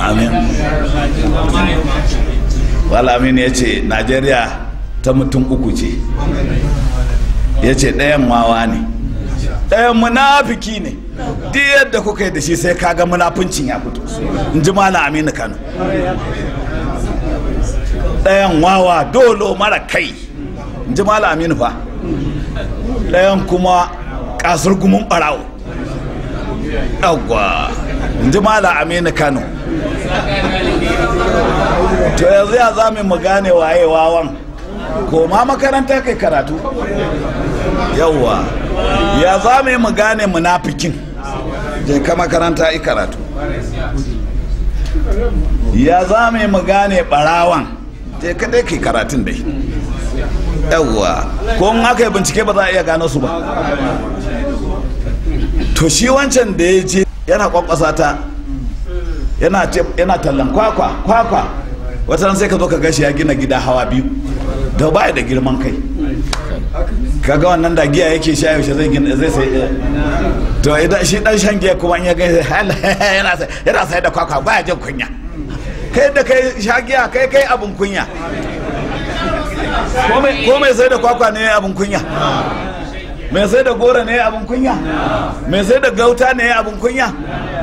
amin wala amin ya ce najeriya ta mutum uku ce ya ce ɗayan mawa ne ɗayan munafiki ne duk yadda kuka yi da shi sai kaga munafuncin ya fito in ji malam aminu kano ɗayan wawa dolo mara kai in ji malam aminu fa ɗayan kuma kasar gumin ɓarawo ɗagwa in ji malam aminu kano to yanzu ya za mu gane waye wawan ko ma makaranta kai karatu yawwa ya za mu gane munafikin je ka makaranta i karatu ya za mu gane barawan je ka dai kai karatun dai yawwa ko in aka yi bincike ba za a iya gano su ba to shi wancan da ya je yana kwakwasa ta yana tallan kwakwa kwakwa wata sai ka zo ka gashi ya gina gida hawa biyu da baya da girman kai kaga wannan da giya yake sha yaushe zai gina zai sai eh. to idan shi dan shan giya kuma ya gani yana sai yana sai da kwakwa baya jin kunya kai da kai sha giya kai kai abun kunya ko mai sai da kwakwa ne abun kunya mai sai da gora ne abin kunya mai sai da gauta ne abin kunya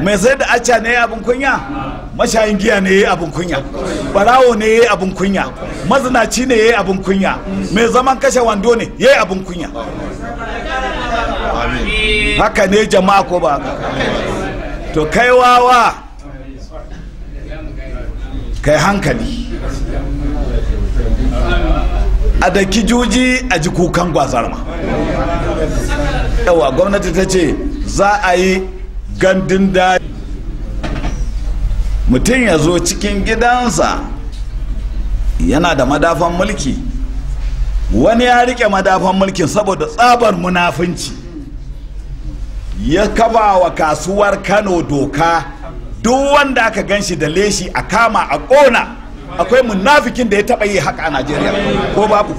mai sai da acca ne abin kunya mashayin giya ne abin kunya barawo ne abin kunya mazinaci ne abin kunya mai zaman kashe wando ne yayi abin kunya haka ne jama'a ko ba to kai wawa kai hankali a da kijoji a ji kukan gwazarma yawa gwamnati ta ce za a yi gandun daji mutum ya zo cikin gidansa yana da madafan mulki wani ya rike madafan mulkin saboda tsabar munafunci ya kafa wa kasuwar kano doka duk wanda aka gan shi da leshi a kama a kona akwai munafikin da ya taba yi haka a najeriya ko babu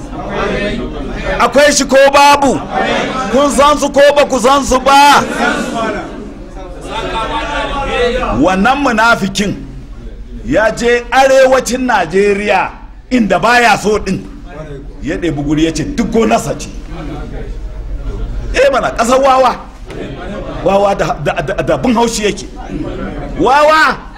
akwai shi ko babu kun san su ko ba ku san su ba wannan munafikin ya je arewacin najeriya inda baya so din ya ɗebi guri ya ce duk gonarsa ce eh mana ƙasar wawa wawa da bin haushi yake wawa